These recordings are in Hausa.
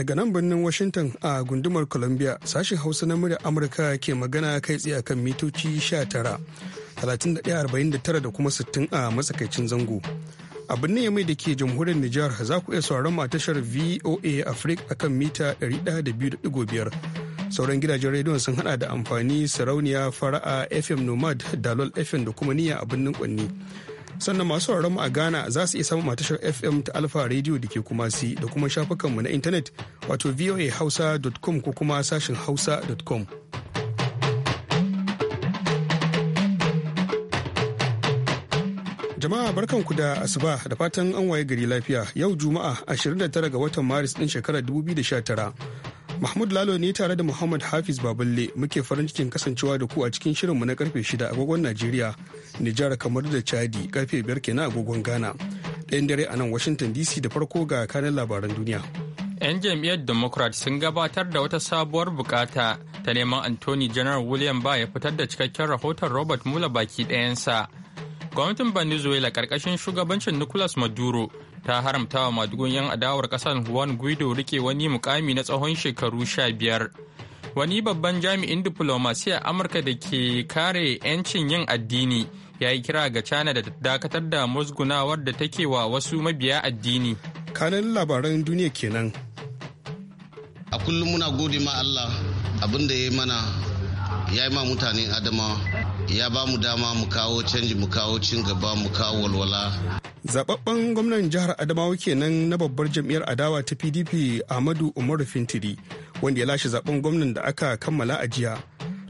daga nan birnin Washington a gundumar Columbia sashen Hausa na murya Amurka ke magana kai tsaye akan mitoci 19, 3149 da kuma 60 a matsakaicin zango. A birnin Yamai da ke jamhuriyar Nijar za ku iya sauraron a tashar VOA Africa akan mita 102.5. Sauran gidajen rediyon sun hada da amfani sarauniya fara'a FM Nomad, Dalol FM da kuma niyya a birnin Kwanni. sannan masu mu a ghana za su iya samun matashar fm ta alpha radio da ke kuma si da kuma shafukanmu na intanet wato voahausa.com ko kuma sashin hausa.com jama'a barkanku da asuba da fatan an waye gari lafiya yau juma'a 29 ga watan maris din shekarar 2019 mahmud lalo ne tare da muhammad hafiz baballe muke farin cikin kasancewa da ku a cikin shirinmu na karfe shida a agogon najeriya Nijar kamar da Chadi karfe biyar kenan agogon Ghana. Ɗayan dare a nan Washington DC da farko ga kanin labaran duniya. 'Yan jam'iyyar Democrat sun gabatar da wata sabuwar bukata ta neman Anthony General William ba ya fitar da cikakken rahoton Robert Mueller baki ɗayansa. Gwamnatin Venezuela karkashin shugabancin Nicolas Maduro ta haramta wa madugun 'yan adawar ƙasar Juan Guido rike wani mukami na tsawon shekaru sha biyar. Wani babban jami'in diflomasiya Amurka da ke kare 'yancin yin addini ya yi kira ga cana da dakatar da musgunawar da take wa wasu mabiya addini. kanan labaran duniya kenan. A kullum muna gode ma Allah abin da ya yi mana ya yi ma mutane adama ya ba mu dama mu kawo canji mu kawo cin gaba mu kawo walwala. Zababben gwamnan jihar Adamawa kenan na babbar jam'iyyar adawa ta PDP Ahmadu Umaru Fintiri wanda ya lashe zaɓen gwamnan da aka kammala a jiya.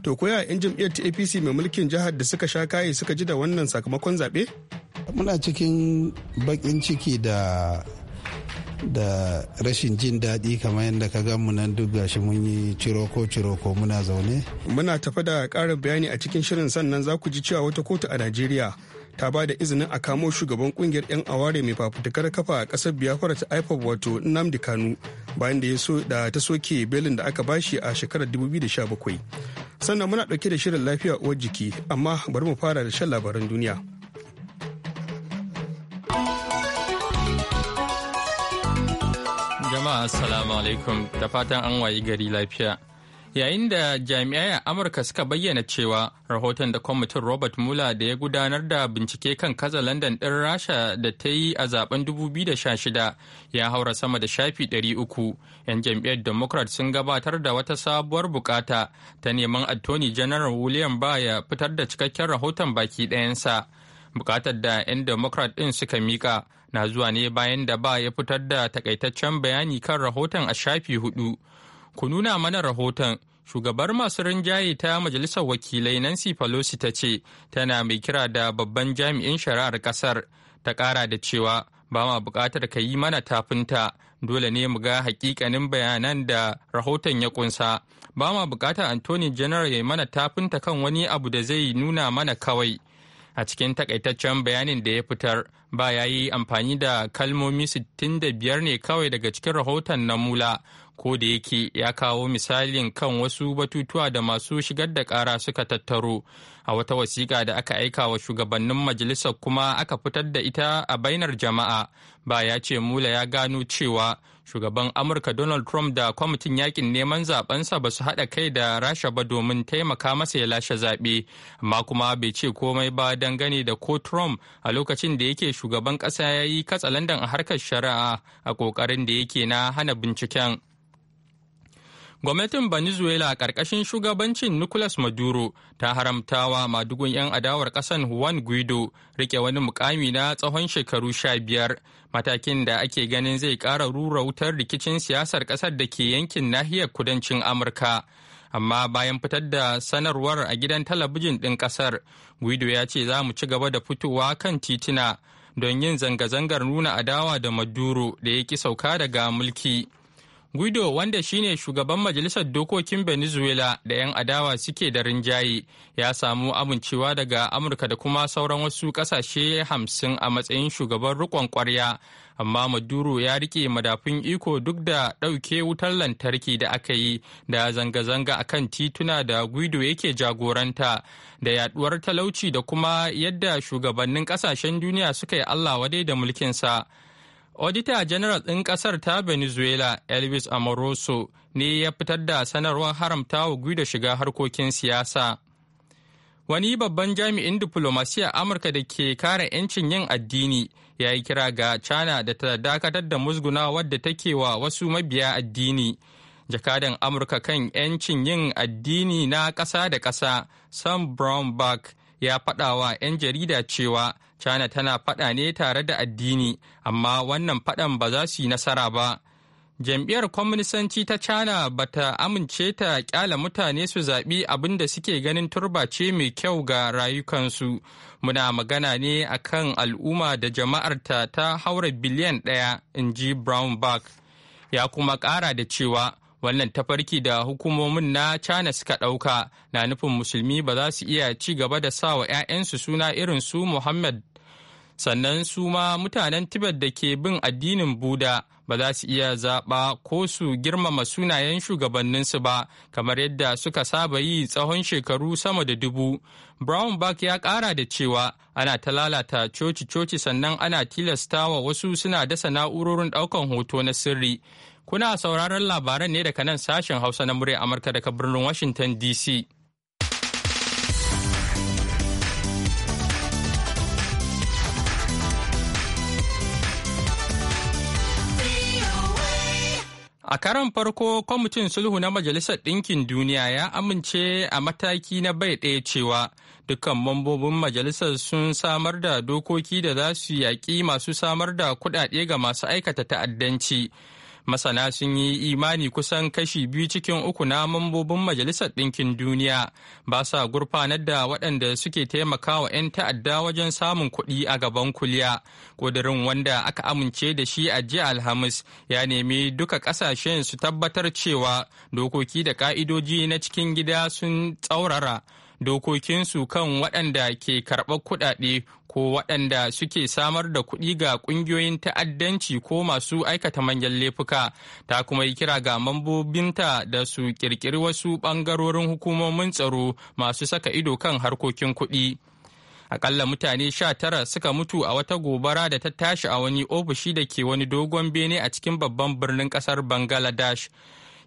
to koya yan jam'iyyar ta apc mai mulkin jihar da suka sha kaye suka ji da wannan sakamakon zaɓe? muna cikin baƙin ciki da da rashin jin daɗi kamar yadda ka gan mu nan duk gashi mun yi ciroko ciroko muna zaune muna tafa da ƙarin bayani a cikin shirin sannan za ku ji cewa wata kotu a najeriya ta ba da izinin a kamo shugaban kungiyar 'yan aware mai fafutukar kafa a kasar biyafara ta ipob wato nnamdi kanu bayan da ya da ta soke belin da aka bashi a shekarar 2017 sannan muna ɗauke da shirin lafiya uwar jiki amma bari mu fara da shan labaran duniya jama'a assalamu alaikum da fatan an wayi gari lafiya yayin da jami'ai a amurka suka bayyana cewa rahoton da kwamitin robert mueller da ya gudanar da bincike kan kaza london ɗin rasha da ta yi a zaben 2016 ya haura sama da shafi 300 'yan jam'iyyar democrat sun gabatar da wata sabuwar bukata ta neman attorney general william ba ya fitar da cikakken rahoton baki ɗayansa bukatar da 'yan democrat ɗin suka mika na zuwa ne bayan da ba ya fitar da takaitaccen bayani kan rahoton a shafi hudu ku nuna mana rahoton shugabar masu rinjaye ta majalisar wakilai nancy pelosi ta ce tana mai kira da babban jami'in shari'ar kasar ta kara da cewa ba ma bukatar ka yi mana tafinta dole ne mu ga hakikanin bayanan da rahoton ya kunsa ba ma bukatar anthony general ya yi mana tafinta kan wani abu da zai nuna mana kawai a cikin takaitaccen bayanin da ya fitar ba ya yi amfani da kalmomi 65 ne kawai daga cikin rahoton na mula ko da yake ya kawo misalin kan wasu batutuwa da masu shigar da ƙara suka tattaro a wata wasiƙa da aka aika wa shugabannin majalisar kuma aka fitar da ita a bainar jama'a ba ya ce mula ya gano cewa shugaban amurka donald trump da kwamitin yakin neman zabensa ba su haɗa kai da rasha ba domin taimaka masa ya lashe zaɓe amma kuma bai ce komai ba dangane da ko trump a lokacin da yake shugaban ƙasa ya yi katsalandan a harkar shari'a a ƙoƙarin da yake na hana binciken Gwamnatin Venezuela ƙarƙashin shugabancin Nicolas Maduro ta haramtawa madugun 'yan adawar ƙasar Juan Guido rike wani mukami na tsawon shekaru sha biyar matakin da ake ganin zai ƙara rura wutar rikicin siyasar ƙasar da ke yankin nahiyar kudancin Amurka. Amma bayan fitar da sanarwar a gidan talabijin ɗin ƙasar, Guido ya ce za mu ci gaba da fitowa kan titina don yin zanga-zangar nuna adawa da Maduro da ya ki sauka daga mulki. Guido wanda shine shugaban majalisar dokokin Venezuela da 'yan adawa suke da rinjaye ya samu amincewa daga Amurka da kuma sauran wasu kasashe hamsin a matsayin shugaban rikon kwarya. Amma Maduro ya rike madafun iko duk da ɗauke wutar lantarki da aka yi da zanga-zanga a kan tituna da Guido yake jagoranta da yaduwar talauci da kuma yadda shugabannin ƙasashen duniya suka yi Allah wadai da mulkinsa. Odita General ɗin ƙasar ta Venezuela Elvis Amoroso ne ya fitar da sanarwar haramta wa Guido shiga harkokin siyasa. Wani babban jami'in diflomasiya Amurka da ke kare 'yancin yin addini ya yi kira ga China da ta dakatar da musguna wadda take wa wasu mabiya addini. Jakadan Amurka kan 'yancin yin addini na ƙasa da ƙasa Sam Brownback ya faɗawa 'yan jarida cewa China tana faɗa ne tare da addini, amma wannan faɗan ba za su yi nasara ba. Jam'iyyar Kwaminisanci ta China ba ta amince ta kyala mutane su zaɓi abin da suke ganin turba ce mai kyau ga rayukansu. Muna magana ne a kan al'umma da jama'arta ta haura biliyan ɗaya, in ji brown Bag. Ya kuma ƙara da cewa wannan tafarki da hukumomin na China suka ɗauka na nufin musulmi ba za su iya ci gaba da sa wa 'ya'yansu suna irin su Muhammad sannan su ma mutanen tibet da ke bin addinin buda ba za su iya zaɓa ko su girmama sunayen shugabanninsu ba kamar yadda suka saba yi tsawon shekaru sama da dubu Brown brownback ya ƙara da cewa ana ta lalata coci-coci sannan ana tilastawa wasu suna dasa na'urorin ɗaukan hoto na sirri kuna sauraron labaran ne daga nan sashen hausa na murya amurka daga birnin washington dc A karan farko, kwamitin sulhu na Majalisar Ɗinkin Duniya ya amince a mataki na bai ɗaya cewa dukkan mambobin majalisar sun samar da dokoki da za su yaƙi masu samar da kuɗaɗe ga masu aikata ta'addanci. masana sun yi imani kusan kashi biyu cikin uku na mambobin majalisar ɗinkin duniya ba sa gurfanar da waɗanda suke taimakawa 'yan ta'adda wajen samun kuɗi a gaban kuliya ƙudurin wanda aka amince da shi a jiya alhamis ya nemi duka ƙasashen su tabbatar cewa dokoki da ƙa'idoji na cikin gida sun tsaurara dokokinsu kan waɗanda ke karɓar kuɗaɗe ko waɗanda suke samar da kuɗi ga ƙungiyoyin ta'addanci ko masu aikata manyan laifuka ta kuma yi kira ga mambobinta da su ƙirƙiri wasu ɓangarorin hukumomin tsaro masu saka ido kan harkokin kuɗi. akalla mutane sha tara suka mutu a wata gobara da ta tashi a wani ofishi da ke wani dogon bene a cikin babban birnin kasar bangladesh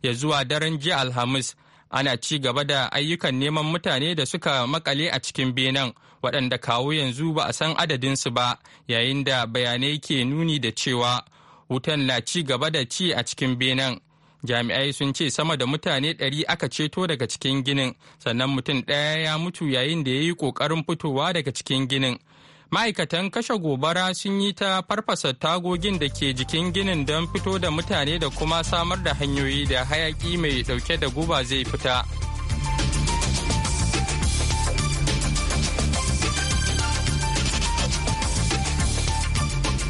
ya zuwa daren jiya alhamis ana ci gaba da ayyukan neman mutane da suka makale a cikin benin waɗanda kawo yanzu ba a san adadinsu ba yayin da bayanai ke nuni da cewa wutan na ci gaba da ci a cikin benin jami'ai sun ce sama da mutane 100 aka ceto daga cikin ginin sannan mutum ɗaya ya mutu yayin da ya yi ƙoƙarin fitowa daga cikin ginin ma'aikatan kashe gobara sun yi ta farfasa tagogin da ke jikin ginin don fito da mutane da kuma samar da hanyoyi da hayaki mai dauke da guba zai fita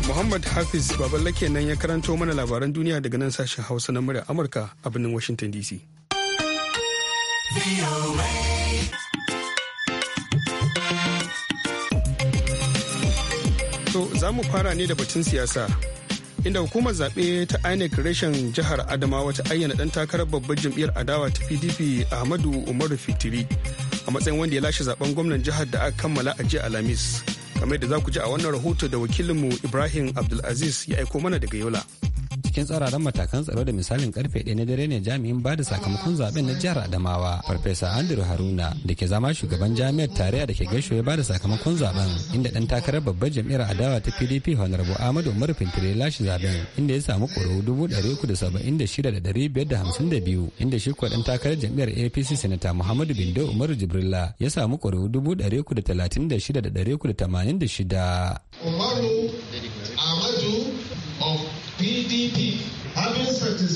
muhammad hafiz baballake nan ya karanto mana labaran duniya daga nan sashen hausa na murya amurka a birnin washington dc To za mu fara ne da batun siyasa. Inda hukumar zaɓe ta INEC reshen jihar Adamawa ta ayyana ɗan takarar babbar jam'iyyar adawa ta PDP Ahmadu Umaru Fitiri a matsayin wanda ya lashe zaben gwamnan jihar da aka kammala a jiya Alhamis. Kamar da za ku ji a wannan rahoto da wakilinmu Ibrahim Abdulaziz ya aiko mana daga Yola. cikin tsararren matakan tsaro da misalin karfe daya na dare ne jami'in ba da sakamakon zaben na jihar Adamawa Farfesa Andrew Haruna da ke zama shugaban jami'ar tarayya da ke gaisho ya ba da sakamakon zaben inda dan takarar babbar jam'iyyar adawa ta PDP Honorable Ahmadu Umar Fintire lashe zaben inda ya samu ƙuri'u dubu inda shi kuwa dan takarar jam'iyyar APC Senator Muhammadu Bindo Umar Jibrilla ya samu ƙuri'u dubu da talatin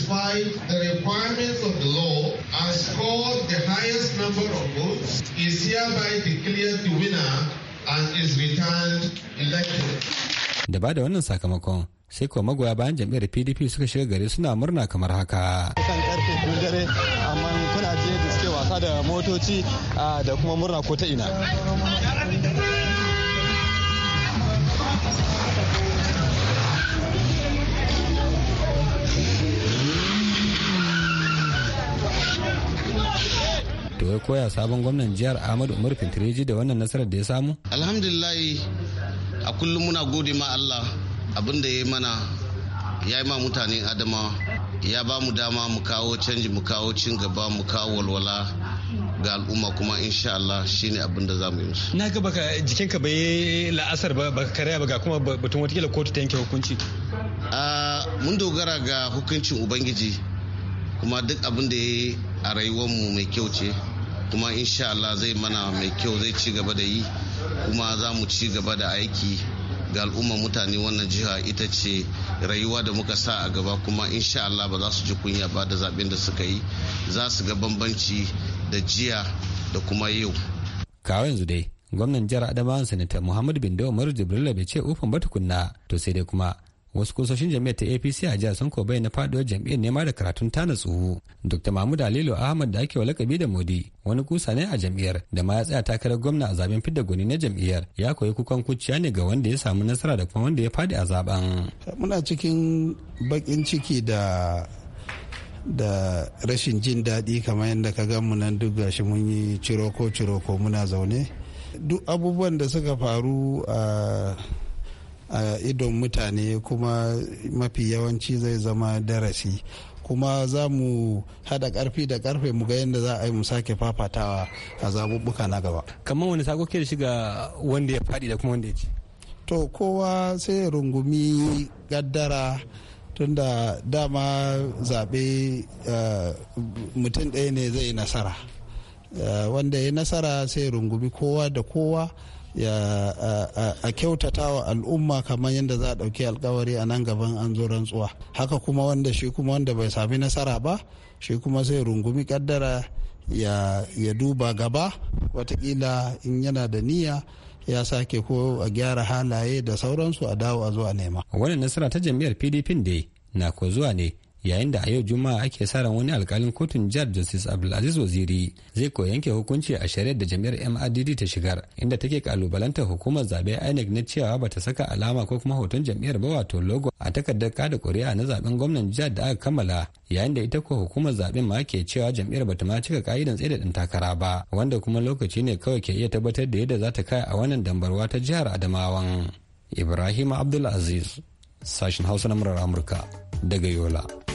satisfy the requirements of the law and scored the highest number of votes is hereby declared the winner and is returned elected. Da ba da wannan sakamakon sai kuwa magoya bayan jam'iyyar PDP suka shiga gari suna murna kamar haka. Kan karfe dare amma kuna je da suke wasa da motoci da kuma murna ko ta ina. to ya koya sabon gwamnan jihar ahmadu umar fintireji da wannan nasarar da ya samu alhamdulillah a kullum muna gode ma allah abin da ya mana ya yi ma mutane adama ya ba mu dama mu kawo canji mu kawo cin gaba mu kawo walwala ga al'umma kuma insha Allah shine abin da za mu yi musu na ga baka jikinka bai la'asar ba baka karya ba ga kuma batun watakila kotu ta yanke hukunci mun dogara ga hukuncin ubangiji kuma duk abin da ya yi a rayuwarmu mai kyau ce kuma insha Allah zai mana mai kyau zai ci gaba da yi kuma za mu ci gaba da aiki ga al'ummar mutane wannan jiha ita ce rayuwa da muka sa a gaba kuma insha Allah ba za su ji kunya ba da zaben da suka yi za su ga bambanci da jiya da kuma yau kawo yanzu dai gwamnan jihar adamawa sanata muhammadu bin dawo jibrila bai ce ufan ba tukunna to sai dai kuma wasu kusoshin jami'ar ta apc a jihar sun bai na faduwar jam'iyyar nema da karatun tana tsuhu dr mahmud alilu ahmad da ake wa lakabi da modi wani kusa ne a jam'iyyar da ma ya tsaya takarar gwamna a zaben fidda gwani na jam'iyyar ya koyi kukan kuciya ne ga wanda ya samu nasara da kuma wanda ya fadi a zaben muna cikin bakin ciki da da rashin jin daɗi kamar yadda ka gan mu nan duk gashi mun yi ciroko ciroko muna zaune duk abubuwan da suka faru a a idon mutane kuma mafi yawanci zai zama darasi kuma za mu haɗa karfi da karfe mu ga yadda za a yi mu sake fafatawa a zabubbuka na gaba kamar wani sako ke da shiga wanda ya fadi da kuma wanda ya ci to kowa sai rungumi gaddara tunda dama zaɓe mutum ɗaya ne zai nasara wanda ya nasara sai rungumi kowa da kowa a kyautata wa al'umma kamar yadda za a ɗauki alkawari a nan gaban an zo rantsuwa haka kuma wanda shi kuma wanda bai sami nasara ba shi kuma sai rungumi kaddara ya, duba gaba watakila in yana da niyya ya sake ko a gyara halaye da sauransu a dawo a zuwa nema wannan nasara ta jam'iyyar pdp ne na ko zuwa ne yayin da a yau juma'a ake sa ran wani alkalin kotun jihar justice abdulaziz waziri zai ko yanke hukunci a shari'ar da jami'ar mrdd ta shigar inda take kalubalantar hukumar zabe inec na cewa ba ta saka alama ko kuma hoton jami'ar ba wato logo a takardar kada kuri'a na zaben gwamnan jihar da aka kammala yayin da ita ko hukumar zaben ma ke cewa jami'ar ba ta ma cika ka'idan tsaye da ɗan takara ba wanda kuma lokaci ne kawai ke iya tabbatar da yadda za ta kai a wannan dambarwa ta jihar adamawan ibrahim abdulaziz sashen hausa na murar amurka daga yola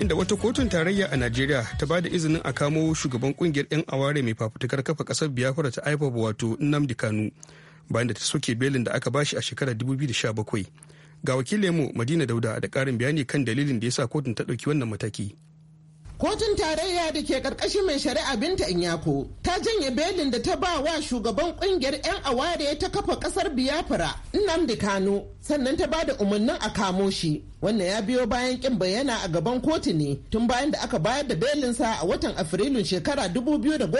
inda wata kotun tarayya a najeriya ta ba da izinin a kamo shugaban kungiyar 'yan aware mai fafutukar kafa kasar biyafara ta ipob wato nnamdi kanu bayan da ta soke belin da aka bashi a shekarar 2017 ga wakilinmu madina dauda da karin bayani kan dalilin da ya sa kotun ta ɗauki wannan mataki Kotun tarayya da ke karkashin mai shari'a Binta Inyako ta janye belin da ta ba wa shugaban kungiyar 'yan aware ta kafa kasar Biafra Nnamdi Kano sannan ta ba da umarnin a kamo shi. Wannan ya biyo bayan kin bayyana a gaban kotu ne tun bayan da aka bayar da belinsa a watan Afrilun shekara 2017.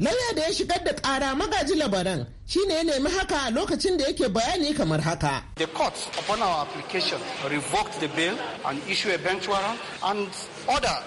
Lauya da ya shigar da kara magaji labaran shine ya nemi haka a lokacin da yake bayani kamar haka. The court upon our application revoked the bail and issued a bench warrant and order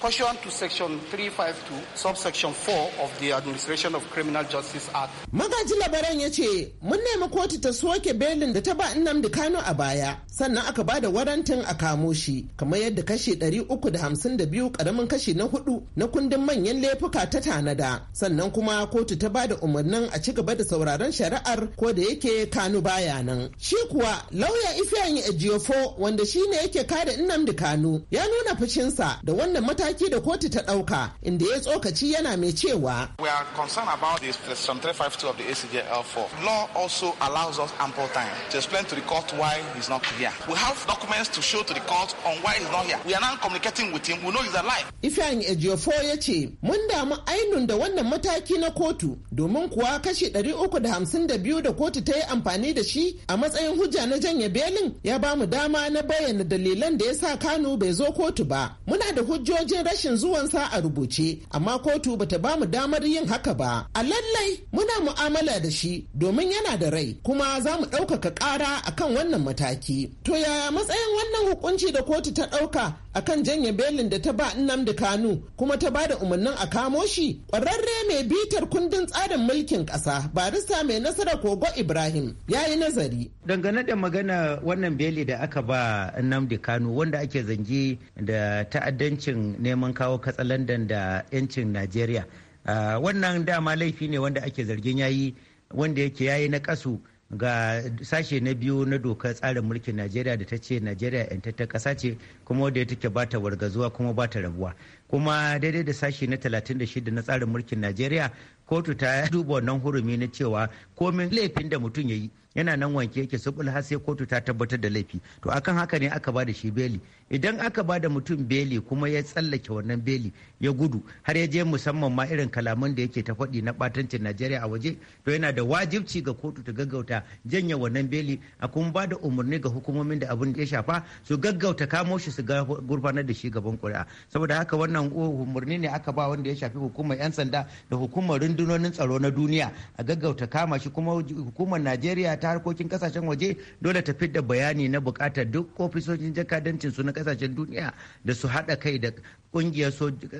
pursuant to section 352 subsection 4 of the administration of criminal justice act magaji labaran ya ce mun nemi kotu ta soke belin da ta ba nnamdi kano a baya sannan aka ba da warantin a kamo shi kamar yadda kashi 352 karamin kashi na hudu na kundin manyan laifuka ta tanada sannan kuma kotu ta ba da umarnin a ci gaba da sauraron shari'ar ko da yake kano baya nan shi kuwa lauya ifeanyi ejiofo wanda shine yake kare nnamdi kano ya nuna fushinsa da wannan mata mataki da kotu ta ɗauka inda ya tsokaci yana mai cewa. We are concerned about the section 352 of the ACJL4. Law also allows us ample time to explain to the court why he's not here. We have documents to show to the court on why he's not here. We are now communicating with him. We know he's alive. Ifeanyi Ejiofo ya ce mun damu ainun da wannan mataki na kotu domin kuwa kashi 352 da kotu ta yi amfani da shi a matsayin hujja na janye belin ya ba mu dama na bayyana dalilan da ya sa Kano bai zo kotu ba. Muna da hujjoji. dalilin rashin zuwan sa a rubuce amma kotu bata bamu damar yin haka ba a lallai muna mu'amala da shi domin yana da rai kuma za mu ɗaukaka ƙara akan wannan mataki to yaya matsayin wannan hukunci da kotu ta ɗauka akan janye belin da ta ba Nnamdi Kanu kuma ta ba da umarnin a kamo shi ƙwararre mai bitar kundin tsarin mulkin ƙasa barista mai nasara kogo Ibrahim ya yi nazari. Dangane da magana wannan beli da aka ba Nnamdi Kanu wanda ake zangi da ta'addancin neman kawo katsalandan da 'yancin Najeriya. wannan dama laifi ne wanda ake zargin yayi wanda yake yayi na kasu ga sashe na biyu na dokar tsarin mulkin najeriya da ta ce najeriya yantatta kasa ce kuma wadda ya take ba ta wargazuwa kuma ba ta rabuwa kuma daidai da sashe na 36 na tsarin mulkin najeriya kotu ta duba wannan hurumi na cewa komin laifin da mutum ya yi yana nan wanke yake subul har sai kotu ta tabbatar da laifi to akan haka ne aka ba da shi beli idan aka ba da mutum beli kuma ya tsallake wannan beli ya gudu har ya je musamman ma irin kalaman da yake ta faɗi na batancin najeriya a waje to yana da wajibci ga kotu ta gaggauta janye wannan beli a kuma ba da umarni ga hukumomin da abin ya shafa su gaggauta kamo shi su gurfanar da shi gaban kuri'a saboda haka wannan umarni ne aka ba wanda ya shafi hukumar 'yan sanda da hukumar rundunonin tsaro na duniya a gaggauta kama shi kuma hukumar najeriya ta harkokin kasashen waje dole ta da bayani na bukatar duk ofisoshin jakadancin su na kasashen duniya da su haɗa kai da kungiyar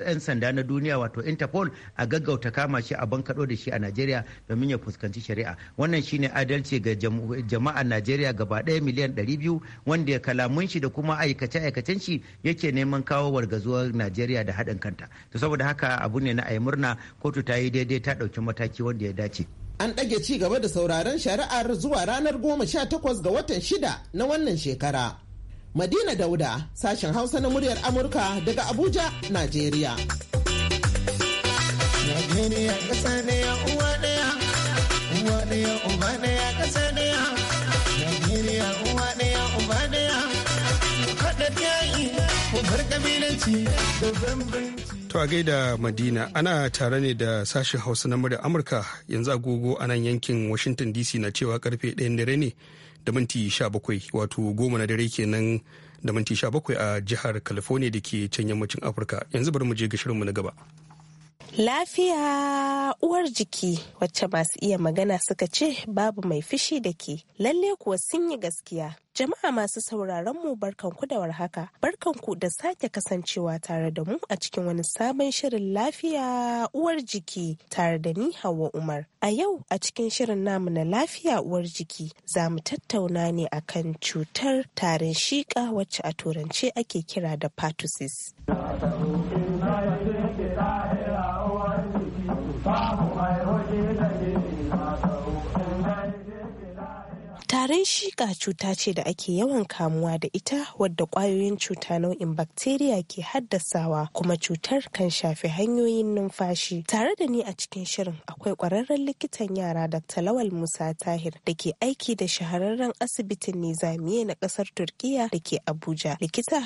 'yan sanda na duniya wato interpol a gaggauta kama shi a bankaɗo da shi a najeriya domin ya fuskanci shari'a wannan shine adalci ga jama'a najeriya gaba ɗaya miliyan 200 wanda ya kalamun shi da kuma aikace-aikacen shi yake neman kawo wargazuwar najeriya da haɗin kanta to saboda haka abu ne na ayi murna kotu ta yi daidai ta ɗauki mataki wanda ya dace an ɗage ci gaba da sauraron shari'ar zuwa ranar goma sha takwas ga watan shida na wannan shekara. Madina Dauda, sashen Hausa na muryar Amurka daga Abuja, Najeriya. Najeriya ƙasa da bambanci. To a gaida Madina ana tare ne da sashen Hausa na murya Amurka yanzu agogo a nan yankin Washington DC na cewa karfe 1 dare ne da minti 17 wato goma na dare kenan da minti 17 a jihar California da ke can yammacin Afirka yanzu bari mu je ga shirinmu na gaba. Lafiya uwar jiki wacce masu iya magana suka ce babu mai fishi da ke lalle kuwa sun yi gaskiya. Jama'a masu sauraron mu barkanku da warhaka. Barkanku da sake kasancewa tare da mu a cikin wani sabon shirin lafiya uwar jiki tare da ni Hauwa Umar. A yau a cikin shirin namu na lafiya uwar jiki za mu tattauna ne akan cutar tarin shiƙa wacce a turance ake kira da pertussis. Tarin shiƙa cuta ce da ake yawan kamuwa da ita wadda ƙwayoyin cuta nau'in bakteriya ke haddasawa kuma cutar kan shafi hanyoyin numfashi. Tare da ni a cikin shirin akwai ƙwararren likitan yara Dr. Lawal Musa Tahir da ke aiki da shahararren asibitin Nizamiye na ƙasar Turkiya da ke Abuja. Likita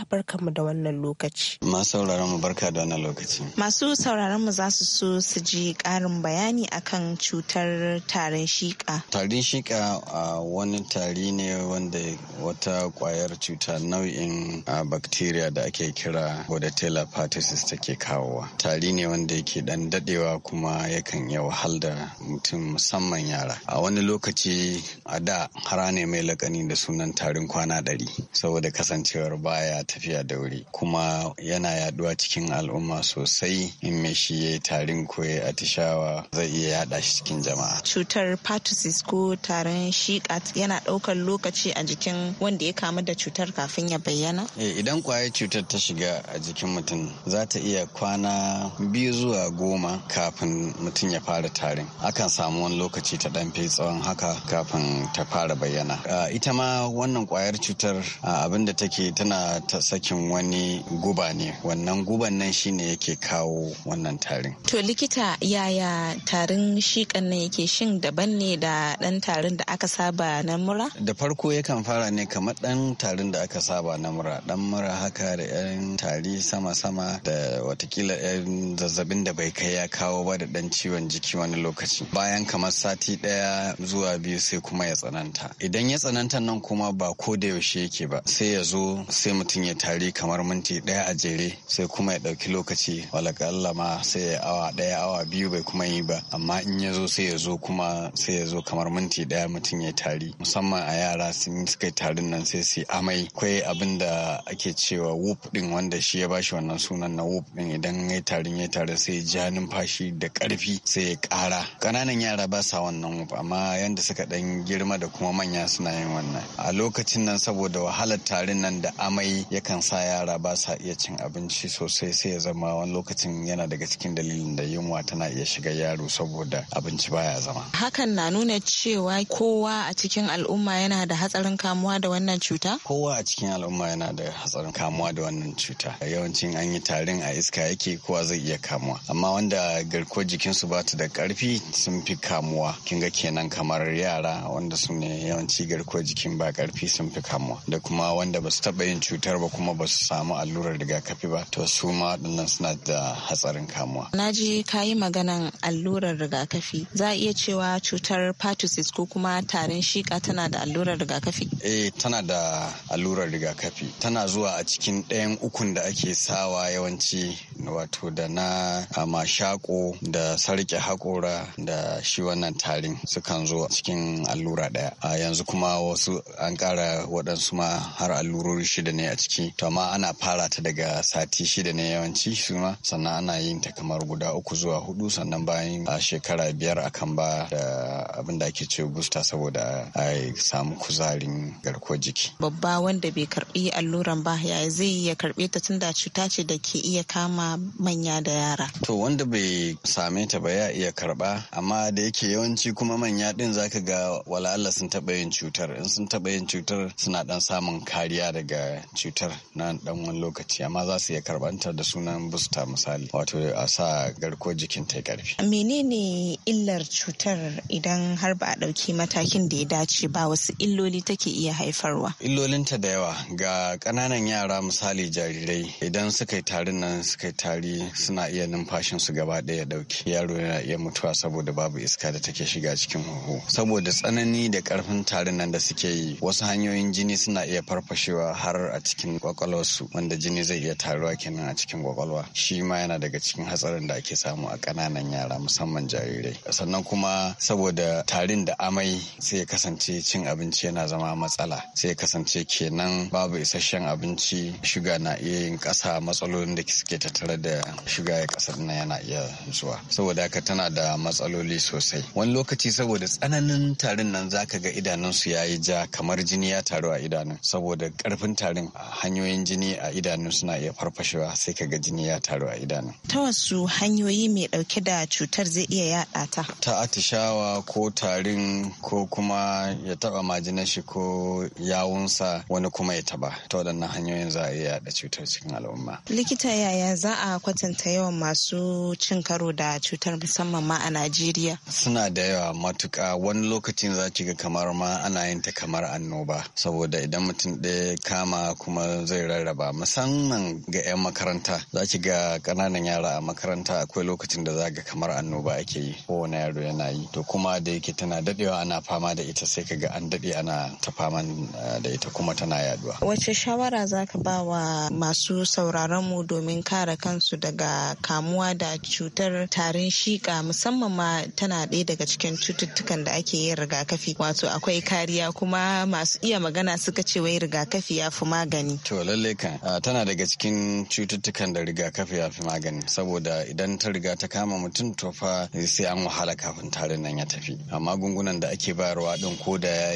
mu da wannan lokaci. Masu sauraron mu barka da wannan lokaci. Masu sauraron mu za su so su ji ƙarin bayani akan cutar tarin shiƙa. Tarin shiƙa wani tari ne wanda wata kwayar cuta nau'in a ah, bacteria da ake kira Bordetella pertussis take kawowa. Tari ne wanda yake dan dadewa kuma yakan yi wahal da mutum musamman yara. A wani lokaci a da hara ne mai lakani da sunan tarin kwana ɗari saboda kasancewar baya tafiya da wuri kuma yana yaduwa cikin al'umma sosai in mai shi ya tarin ko a atishawa zai iya yada shi cikin jama'a. Cutar pertussis ko tarin shiƙa yana ɗaukar lokaci a jikin wanda ya kamu da cutar kafin ya bayyana? Eh, idan kwayar cutar ta shiga a jikin mutum za ta iya kwana biyu zuwa goma kafin mutum ya fara tarin. Akan samu wani lokaci ta ɗan fi tsawon haka kafin ta fara bayyana. Ita ma wannan kwayar cutar abin da take tana ta sakin wani guba ne. Wannan guban nan shine yake kawo wannan tarin. To likita yaya tarin shikan nan yake shin daban ne da ɗan tarin da aka saba na mura? Da farko yakan fara ne kamar ɗan tarin da aka saba na mura. Ɗan mura haka da 'yan tari sama-sama da watakila 'yan zazzabin da bai kai ya kawo ba da ɗan ciwon jiki wani lokaci. Bayan kamar sati ɗaya zuwa biyu sai kuma ya tsananta. Idan ya tsananta nan kuma ba ko da yaushe yake ba. Sai ya zo sai mutum ya tari kamar minti ɗaya a jere sai kuma ya ɗauki lokaci walakalla ma sai ya awa ɗaya awa biyu bai kuma yi ba. Amma in ya zo sai ya zo kuma sai ya zo kamar minti ɗaya mutum ya tari. musamman a yara sun suka tarin nan sai su amai kwai abin da ake cewa whoop din wanda shi ya bashi wannan sunan na whoop din idan ya tarin ya tarin sai ja numfashi da karfi sai ya kara kananan yara ba sa wannan whoop amma yanda suka dan girma da kuma manya suna yin wannan a lokacin nan saboda wahalar tarin nan da amai yakan sa yara ba sa iya cin abinci sosai sai ya zama wani lokacin yana daga cikin dalilin da yunwa tana iya shiga yaro saboda abinci baya zama hakan na nuna cewa kowa a cikin al al'umma yana da hatsarin kamuwa da wannan cuta? Kowa a cikin al'umma yana da hatsarin kamuwa da wannan cuta. Yawancin an yi tarin a iska yake kowa zai iya kamuwa. Amma wanda garkuwar jikinsu ba ta da ƙarfi sun fi kamuwa. Kin ga kenan kamar yara wanda su ne yawanci garkuwar jikin ba ƙarfi sun fi kamuwa. Da kuma wanda ba su taɓa yin cutar ba kuma ba su samu allurar rigakafi ba to su ma waɗannan suna da hatsarin kamuwa. Na ji ka yi maganan allurar rigakafi. Za a iya cewa cutar pertussis ko kuma tarin shika ta tana da allurar rigakafi? Eh tana da allurar rigakafi. Tana zuwa a cikin ɗayan ukun da ake sawa yawanci wato da na mashako da sarki haƙora da shi wannan tarin sukan zo cikin allura ɗaya. A yanzu kuma wasu an ƙara waɗansu ma har allurori shida ne a ciki. To amma ana fara ta daga sati shida ne yawanci su ma sannan ana yin ta kamar guda uku zuwa hudu sannan bayan a shekara biyar akan ba da abin da ake ce busta saboda a samu kuzarin garkuwar jiki. Babba wanda bai karbi alluran ba ya zai ya karbe ta tunda cuta ce da ke iya kama manya da yara. To wanda bai same ta ba ya iya karba amma da yake yawanci kuma manya din zaka ga wala'alla sun taba yin cutar in sun taba yin cutar suna dan samun kariya daga cutar na dan wani lokaci amma za su iya karbanta da sunan busta misali wato a sa garkuwar jikin ta karfi. Menene illar cutar idan har ba a ɗauki matakin da ya dace ba wasu illoli take iya haifarwa. Illolinta da yawa ga ƙananan yara misali jarirai idan suka yi tarin nan suka yi tari suna iya numfashin su gaba ɗaya ɗauki yaro yana iya mutuwa saboda babu iska da take shiga cikin huhu saboda tsanani da ƙarfin tarin nan da suke yi wasu hanyoyin jini suna iya farfashewa har a cikin kwakwalwarsu wanda jini zai iya taruwa kenan a cikin kwakwalwa shi ma yana daga cikin hatsarin da ake samu a ƙananan yara musamman jarirai sannan kuma saboda tarin da amai sai ya kasance cin abinci yana zama matsala sai kasance kenan babu isasshen abinci shuga na iya yin ƙasa matsalolin da suke tattare da shuga ya ƙasar nan yana iya zuwa saboda haka tana da matsaloli sosai wani lokaci saboda tsananin tarin nan zaka ga idanunsu ya yi ja kamar jini ya taru a idanun saboda ƙarfin tarin hanyoyin jini a idanun suna iya farfashewa sai ka ga jini ya taru a idanun ta wasu hanyoyi mai ɗauke da cutar zai iya yaɗa ta ta atishawa ko tarin ko kuma ya taba majinar shi ko yawunsa wani kuma ya taba ta waɗannan hanyoyin za a iya yada cutar cikin al'umma likita yaya za a kwatanta yawan masu cin karo da cutar musamman ma a najeriya suna da yawa matuka wani lokacin za ki ga kamar ma ana yin ta kamar annoba saboda idan mutum ɗaya kama kuma zai rarraba musamman ga 'yan makaranta za ki ga ƙananan yara a makaranta akwai lokacin da za ga kamar annoba ake yi kowane yaro yana yi to kuma da yake tana daɗewa ana fama da ita sai ka ga an daɗe ana ta faman eh, da ita kuma tana yaduwa. Wace shawara za ka ba wa masu sauraron mu domin kare kansu daga kamuwa da cutar tarin shika musamman ma tana ɗaya daga cikin cututtukan da ake yin rigakafi wato akwai kariya kuma masu iya magana suka ce wai rigakafi ya fi magani. To lalle kan eh, tana daga cikin cututtukan da rigakafi ya fi magani saboda idan ta riga ta kama mutum to fa sai an wahala kafin tarin nan ya tafi amma magungunan da ake bayarwa din ko da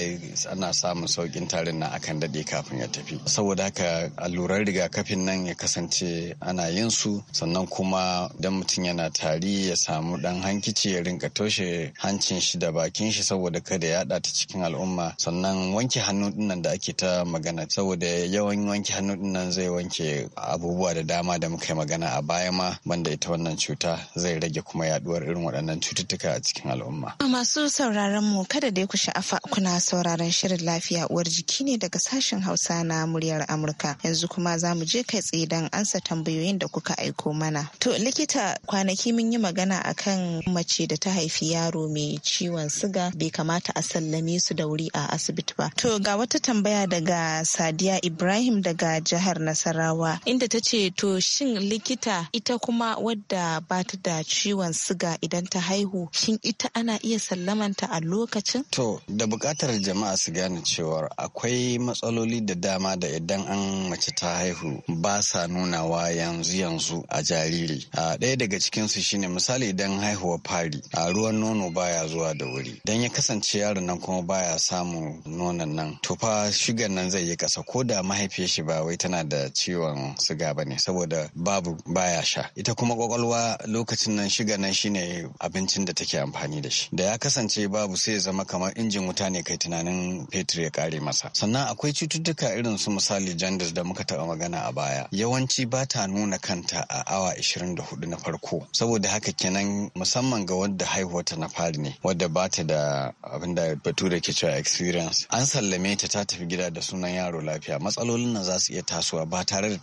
ana samun saukin tarin nan akan daɗe kafin ya tafi saboda haka alluran rigakafin nan ya kasance ana yin su sannan kuma idan mutum yana tari ya samu ɗan hankici ya rinka toshe hancin shi da bakin shi saboda kada ya ta cikin al'umma sannan wanke hannu dinnan da ake ta magana saboda yawan wanke hannu dinnan zai wanke abubuwa da dama da muka yi magana a baya ma banda ita wannan cuta zai rage kuma yaduwar irin waɗannan cututtuka a cikin al'umma. Masu sauraron mu kada dai ku sha'afa kuna sauraron shirin lafiya uwar jiki ne daga sashen Hausa na muryar Amurka. Yanzu kuma za mu je kai tsaye don ansa tambayoyin da kuka aiko mana. To likita kwanaki mun yi magana akan mace da ta haifi yaro mai ciwon siga bai kamata a sallame su da wuri a asibiti ba. To ga wata tambaya daga Sadiya Ibrahim daga jihar Nasarawa inda ta ce to shin likita ita kuma wadda ba ta da ciwon siga idan ta haihu shin ita ana iya sallamanta a lokacin? To da bukatar jama'a su gane cewar akwai matsaloli da dama da idan an mace ta haihu ba sa nunawa yanzu yanzu a jariri a ɗaya daga cikinsu shine misali idan haihuwa fari a ruwan nono baya zuwa da wuri dan ya kasance yaron nan kuma baya samun nonon nan to fa shugan nan zai yi kasa ko da mahaifiyar shi ba wai tana da ciwon siga ne saboda babu baya sha ita kuma kwakwalwa lokacin nan shugan nan shine abincin da take amfani da shi da ya kasance babu sai ya zama kamar injin wuta ne ne kai tunanin fetur ya kare masa sannan akwai cututtuka irin su misali jandis da muka taba magana a baya yawanci ba ta nuna kanta a awa 24 na farko saboda haka kenan musamman ga wadda haihuwarta na fari ne wadda ba ta da abin da bature ke cewa experience an sallame ta ta tafi gida da sunan yaro lafiya matsalolin nan za su iya tasowa ba tare da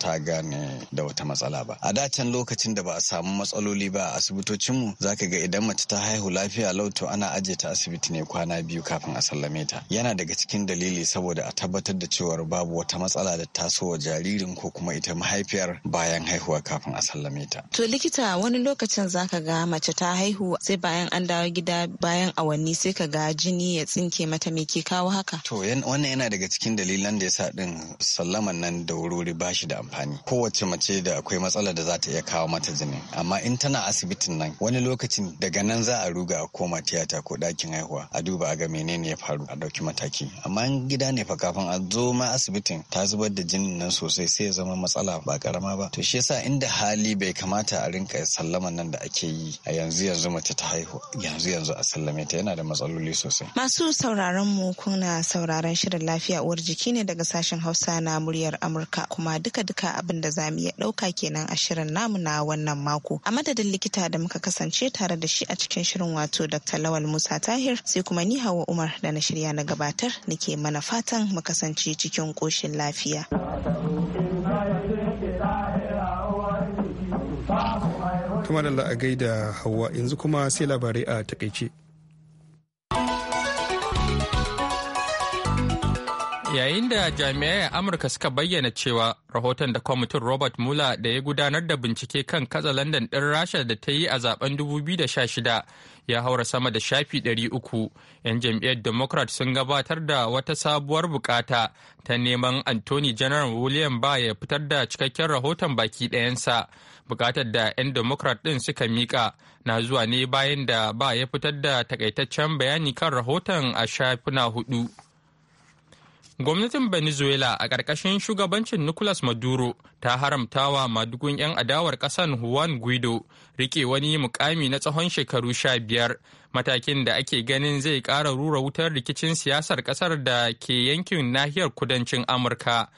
ta gane da wata matsala ba a dacen lokacin da ba a samu matsaloli ba a asibitocinmu za ka ga idan mace ta haihu lafiya lau to ana ajiye ta asibiti ne kwana biyu kafin a sallame ta yana daga cikin dalili saboda a tabbatar da cewar babu wata matsala da tasowa jaririn ko kuma ita mahaifiyar bayan haihuwa kafin a sallame ta to likita wani lokacin zaka ga mace ta haihu sai bayan an dawo gida bayan awanni sai ka ga jini ya tsinke mata me ke kawo haka to wannan yana daga cikin dalilan da yasa din sallaman nan da wuri ba shi da amfani kowace mace da akwai matsala da za ta iya kawo mata jini amma in tana asibitin nan wani lokacin daga nan za a ruga a koma tiyata ko dakin haihuwa a duba a game menene ya faru a ɗauki mataki amma in gida ne fa kafin a zo ma asibitin ta zubar da jinin nan sosai sai ya zama matsala ba karama ba to shi yasa inda hali bai kamata a rinka sallaman nan da ake yi a yanzu yanzu mace ta haihu yanzu yanzu a sallame ta yana da matsaloli sosai masu sauraron mu kuna sauraron shirin lafiya uwar jiki ne daga sashen hausa na muryar amurka kuma duka duka abin da zamu iya ɗauka kenan a shirin namu na wannan mako a madadin likita da muka kasance tare da shi a cikin shirin wato dr lawal musa tahir sai kuma ni hawa Umar da na shirya na gabatar nake mana fatan mu kasance cikin koshin lafiya. kuma da a gaida Hauwa yanzu kuma sai labarai a takaice. Yayin da jami'ai a Amurka suka bayyana cewa rahoton da kwamitin Robert Mueller da ya gudanar da bincike kan katsa London ɗin Rasha da ta yi a zaben 2016 ya haura sama da shafi 300. 'Yan jam'iyyar Democrat sun gabatar da wata sabuwar bukata ta neman Anthony General William ba ya fitar da cikakken rahoton baki ɗayansa. Bukatar da 'yan Democrat ɗin suka mika na zuwa ne bayan da ba ya fitar da takaitaccen bayani kan rahoton a shafuna hudu. Gwamnatin Venezuela a ƙarƙashin shugabancin Nicolas Maduro ta haramtawa madugun 'yan adawar ƙasar Juan Guido rike wani mukami na tsawon shekaru sha biyar matakin da ake ganin zai ƙara rura wutar rikicin siyasar ƙasar da ke yankin nahiyar kudancin Amurka.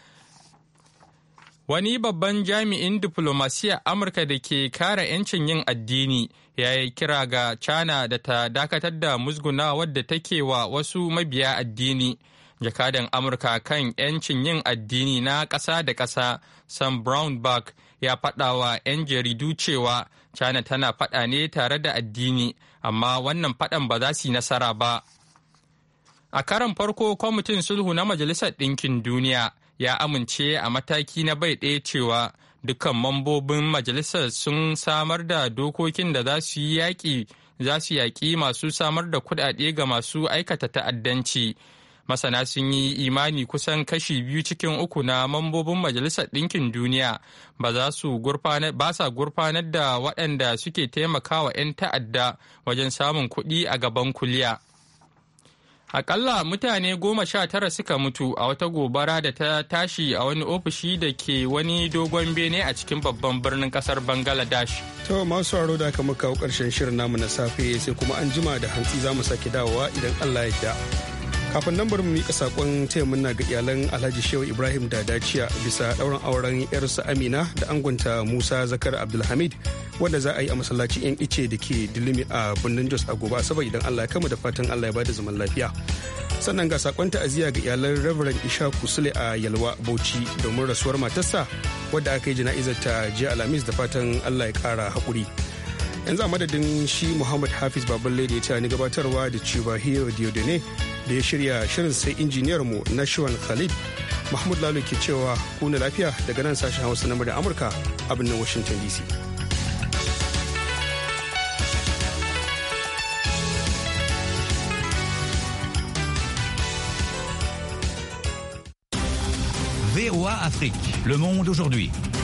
Wani babban jami'in diflomasiya Amurka da ke kare 'yancin yin addini ya yi kira ga China da ta dakatar da musgunawar da take wa wasu mabiya addini. jakadan amurka kan 'yancin yin addini na ƙasa da ƙasa sam brownback ya faɗa wa 'yan jaridu cewa china tana faɗa ne tare da addini amma wannan faɗan ba za su yi nasara ba a karan farko kwamitin sulhu na majalisar ɗinkin duniya ya amince a mataki na bai ɗaya cewa dukkan mambobin majalisar sun samar da dokokin da za su yi yaƙi masu samar da kuɗaɗe ga masu aikata ta'addanci masana sun yi imani kusan kashi biyu cikin uku na mambobin majalisar ɗinkin duniya ba za su ba sa gurfanar da waɗanda suke taimakawa 'yan ta'adda wajen samun kuɗi a gaban kuliya Akalla mutane goma sha tara suka mutu a wata gobara da ta tashi a wani ofishi da ke wani dogon bene a cikin babban birnin kasar Bangladesh. To masu aro da aka muka karshen shirin namu na safe sai kuma an jima da hantsi za mu sake dawowa idan Allah ya da. kafin nan bari mu mika sakon taya murna ga iyalan Alhaji Shehu Ibrahim da Daciya bisa ɗaurin auren yarsa Amina da angonta Musa Zakar Abdulhamid wanda za a yi a masallacin yan ice da ke dilimi a birnin Jos a gobe Asabar idan Allah ya kama da fatan Allah ya bada zaman lafiya. Sannan ga sakon ta'aziyya ga iyalan rabaran Ishaku Sule a Yalwa Bauchi domin rasuwar matarsa wadda aka yi jana'izar ta jiya Alhamis da fatan Allah ya kara haƙuri. yanzu a madadin shi muhammad hafiz babban da ya ta ni gabatarwa da cuba hero diodone da ya shirya shirin sai injiniyarmu na shiwan khalid mahmud lalu ke cewa kuna lafiya daga nan sashen hausa na da amurka a birnin washington dc VOA Afrique, le monde aujourd'hui.